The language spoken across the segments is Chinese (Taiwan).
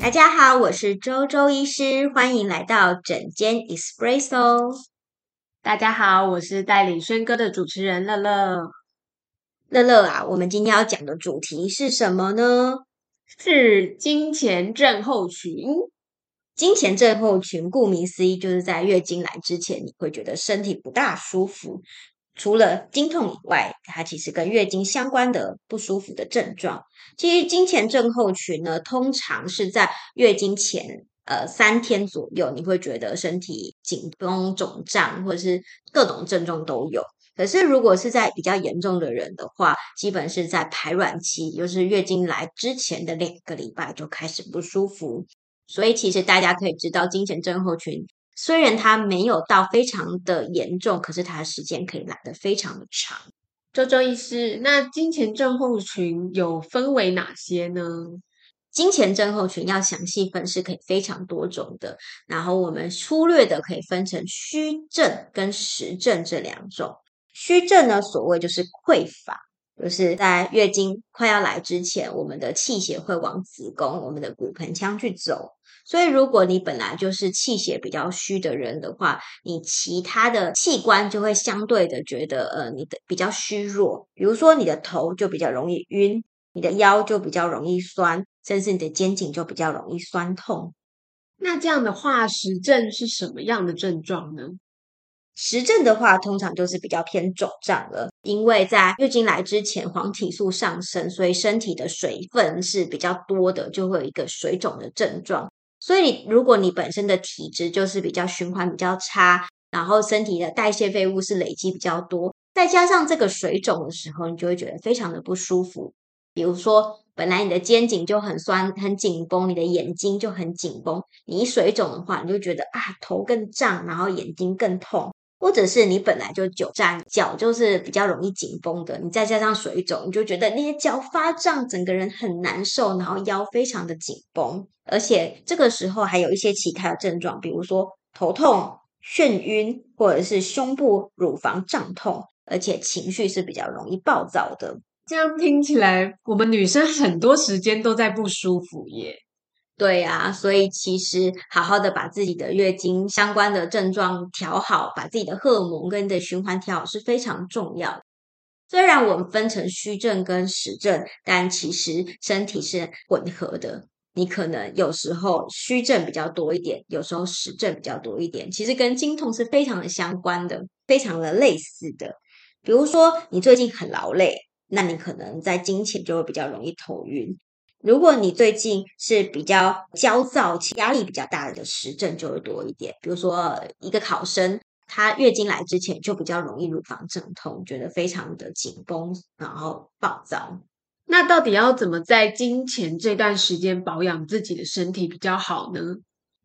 大家好，我是周周醫師，歡迎來到診間 Espresso。大家好，我是代理軒哥的主持人樂樂。樂樂啊，我們今天要講的主題是什麼呢？是經前症候群。經前症候群，顧名思義，就是在月經來之前，你會覺得身體不大舒服。除了經痛以外，它其實跟月經相關的不舒服的症狀。其實經前症候群呢，通常是在月經前呃三天左右，你會覺得身體緊繃、腫脹，或者是各種症狀都有。可是如果是在比較嚴重的人的話，基本是在排卵期，就是月經來之前的兩個禮拜就開始不舒服。所以其實大家可以知道，經前症候群雖然它沒有到非常的嚴重，可是它的時間可以來得非常的長。周周醫師，那經前症候群有分為哪些呢？經前症候群要詳細分是可以非常多種的，然後我們粗略的可以分成虛症跟實症這兩種。虛症呢，所謂就是匱乏。就是在月經快要來之前，我們的氣血會往子宮、我們的骨盆腔去走。所以，如果你本來就是氣血比較虛的人的話，你其他的器官就會相對的覺得，呃，你的比較虛弱。比如說，你的頭就比較容易暈，你的腰就比較容易酸，甚至你的肩頸就比較容易酸痛。那這樣的化石症是什麼樣的症狀呢？實證的話，通常就是比較偏腫脹了，因為在月經來之前，黃體素上升，所以身體的水分是比較多的，就會有一個水腫的症狀。所以，如果你本身的體質就是比較循環比較差，然後身體的代謝廢物是累積比較多，再加上這個水腫的時候，你就會覺得非常的不舒服。比如說，本來你的肩頸就很酸很緊繃，你的眼睛就很緊繃，你一水腫的話，你就覺得啊頭更脹，然後眼睛更痛。或者是你本來就久站，腳就是比較容易緊繃的，你再加上水腫，你就覺得那些腳發脹，整個人很難受，然後腰非常的緊繃，而且這個時候還有一些其他的症狀，比如說頭痛、眩暈，或者是胸部乳房脹痛，而且情緒是比較容易暴躁的。這樣聽起來，我們女生很多時間都在不舒服耶。對呀、啊，所以其實好好的把自己的月經相關的症狀調好，把自己的荷爾蒙跟你的循環調好是非常重要的。雖然我們分成虛症跟實症，但其實身體是混合的。你可能有時候虛症比較多一點，有時候實症比較多一點。其實跟經痛是非常的相關的，非常的類似的。比如說你最近很勞累，那你可能在經前就會比較容易頭暈。如果你最近是比較焦躁，壓力比較大的實症就會多一點，比如說、呃、一個考生，他月經來之前就比較容易乳房脹痛，覺得非常的緊繃，然後暴躁。那到底要怎麼在經前這段時間保養自己的身體比較好呢？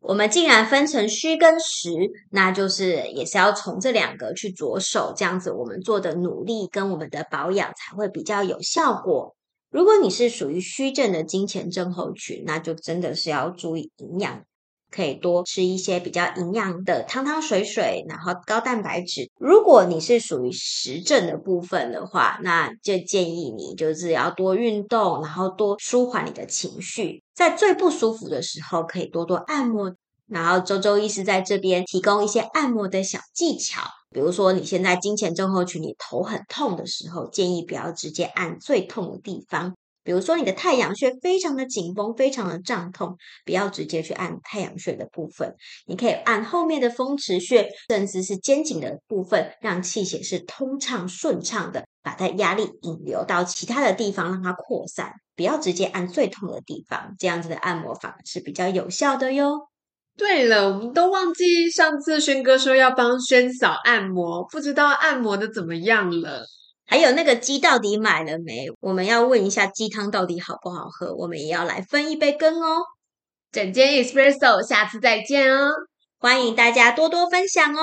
我們既然分成虛跟實，那就是也是要從這兩個去着手，這樣子我們做的努力跟我們的保養才會比較有效果。如果你是屬於虛症的經前症候群，那就真的是要注意營養，可以多吃一些比較營養的湯湯水水，然後高蛋白質。如果你是屬於實症的部分的話，那就建議你就是要多運動，然後多舒緩你的情緒，在最不舒服的時候可以多多按摩。然後周周醫師在這邊提供一些按摩的小技巧。比如說，你現在經前症候群你頭很痛的時候，建議不要直接按最痛的地方。比如說，你的太陽穴非常的緊繃，非常的脹痛，不要直接去按太陽穴的部分，你可以按後面的風池穴，甚至是肩頸的部分，讓氣血是通暢順暢的，把它壓力引流到其他的地方，讓它擴散。不要直接按最痛的地方，這樣子的按摩法是比較有效的喲。對了，我們都忘記上次軒哥說要幫軒嫂按摩，不知道按摩得怎麼樣了。還有那個雞到底買了沒？我們要問一下雞湯到底好不好喝。我們也要來分一杯羹哦。診間 Espresso，下次再見哦。歡迎大家多多分享哦。